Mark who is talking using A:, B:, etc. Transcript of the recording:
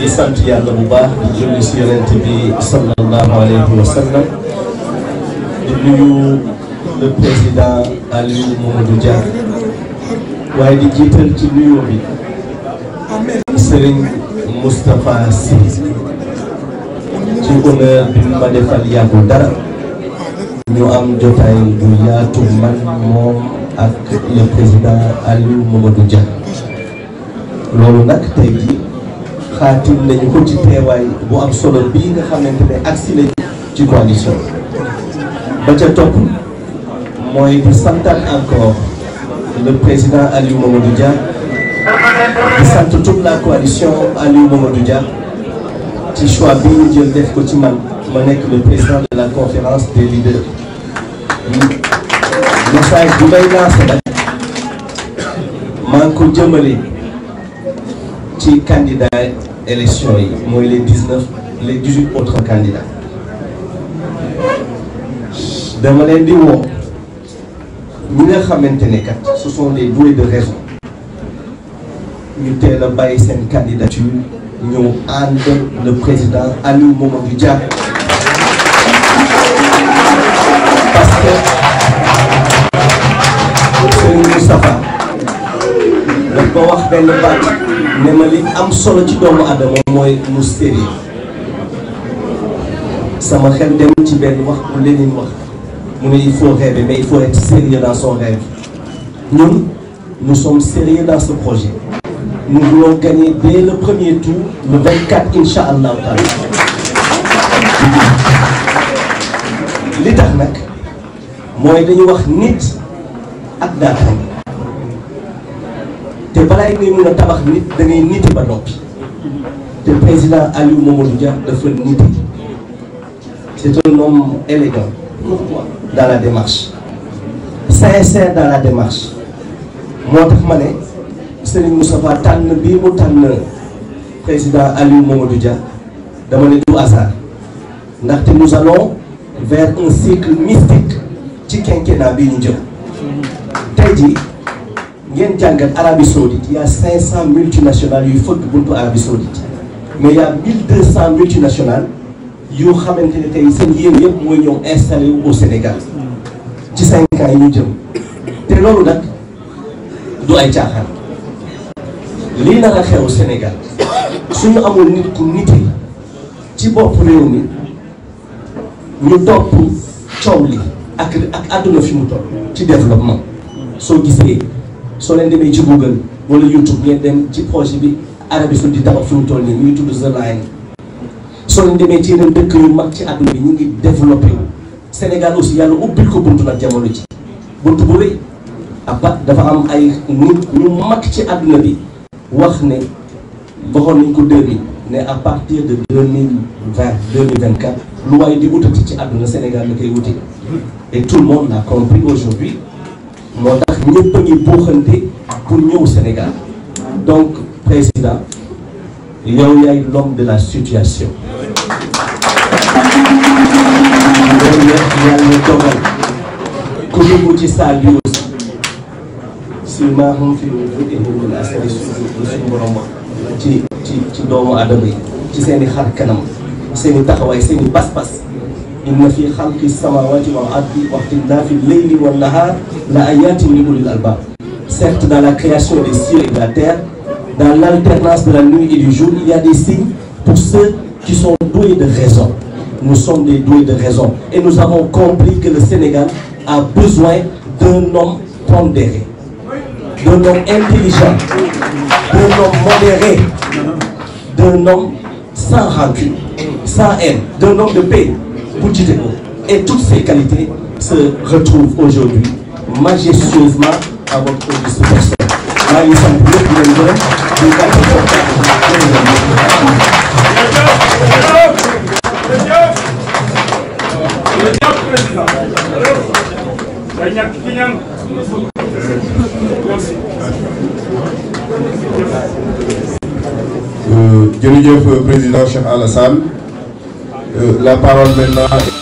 A: di sant yàlla bu baax di julli si yonent bi sallallahu wa sallam di nuyu le président Aliou Mamadou Dia waaye di jiital ci nuyoo bi Serigne Moustapha Sy ci honneur bi ma defal yàggul dara ñu am jotaay bu man moom ak le président Aliou Mamadou Dia loolu nag tey jii xaatim nañu ko ci teewaay bu am solo bii nga xamante ne agsi nañu ci coalition ba ca topp mooy di santaat encore le président Aliou Mamadou Dia di sant toute la coalition Aliou Mamadou Dia ci choix bi ñu jël def ko ci man ma nekk le président de la conférence des leaders message bu may lancé nag maa ngi ko jëmale ci candidat élection yi mooy les dix neuf les dix huit autres candidats dama leen di woo ñi nga xamante ne kat ce sont les doués de raison ñu teel a bàyyi seen candidature ñëw ànd le président Aliou Mamadou Dia parce que seen daf ba wax benn baat ne ma li am solo ci doomu adama mooy mu sérieux sama xel dem ci benn wax bu Lénine wax mu ne il faut rêver mais il faut être sérieux dans son rêve ñun nous sommes sérieux dans ce projet mu voulons gagner dès le premier tour le 24 incha allahu taala li tax nag mooy dañu wax nit ak daata te balaay ngay mën a tabax nit da nite ba noppi te président Aliou Mamadou Dia dafa nite c'est un homme élégant dans la démarche sincère dans la démarche moo tax ma ne Serigne Moustapha tànn bii mu tànn président Aliou Mamadou Dia dama ne du hasard ndaxte nous allons vers un cycle mystique ci quinquennat bii ñu jëm tey jii ngeen jàngat Arabie Saoudite il y a 500 multinationales yuy fëgg buntu Arabie Saoudite mais il y a 1200 multinationales yoo xamante tey seen yéen yëpp mooy ñëw installé wu au Sénégal ci 5 ans yi ñu jëm te loolu nag du ay caaxaan lii nag a xew Sénégal suñu amul nit ku nite ci bopp réew mi ñu topp coow li ak ak àdduna fi mu toll ci développement soo gisee. soo leen demee ci Google wala YouTube ngeen dem ci projet bi Arabie Saoudite di tabax fi mu toll nii ñu ngi tudd The Line soo leen demee ci yeneen dëkk yu mag ci àdduna bi ñu ngi développé wu Sénégal aussi yàlla ubbil ko buntu la jamono ji buntu bu rëy abba dafa am ay nit ñu mag ci àdduna bi wax ne waxoon nañ ko 2000 ne à partir de 2020 2024 lu waaye di wutati ci adduna Sénégal la koy wuti et tout le monde l'a compris aujourd'hui moo tax ñëpp a ngi buuxante pour ñëw Sénégal donc président yow yaay l'homme de la situation loolu yëpp yàlla dogal ku dugg ci saal bi aussi si maahum fi mun asari suñu borom wax ci ci ci doomu adama yi ci seeni i xar kanam seen taxawaay seen i pas inna fi xalqi samawati certes dans la création des cieux et de la terre dans l'alternance de la nuit et du jour il y a des signes pour ceux qui sont doués de raison nous sommes des doués de raison et nous avons compris que le Sénégal a besoin d'un homme pondéré d'un homme sans rancune sans haine d'un homme de paix Pochettino et toutes ses qualités se retrouvent aujourd'hui majestueusement à votre auguste personne. maa ngi sant ñëpp di leen gërëm di jërëjëf président Cheikh Alassane Euh, la parole maintenant.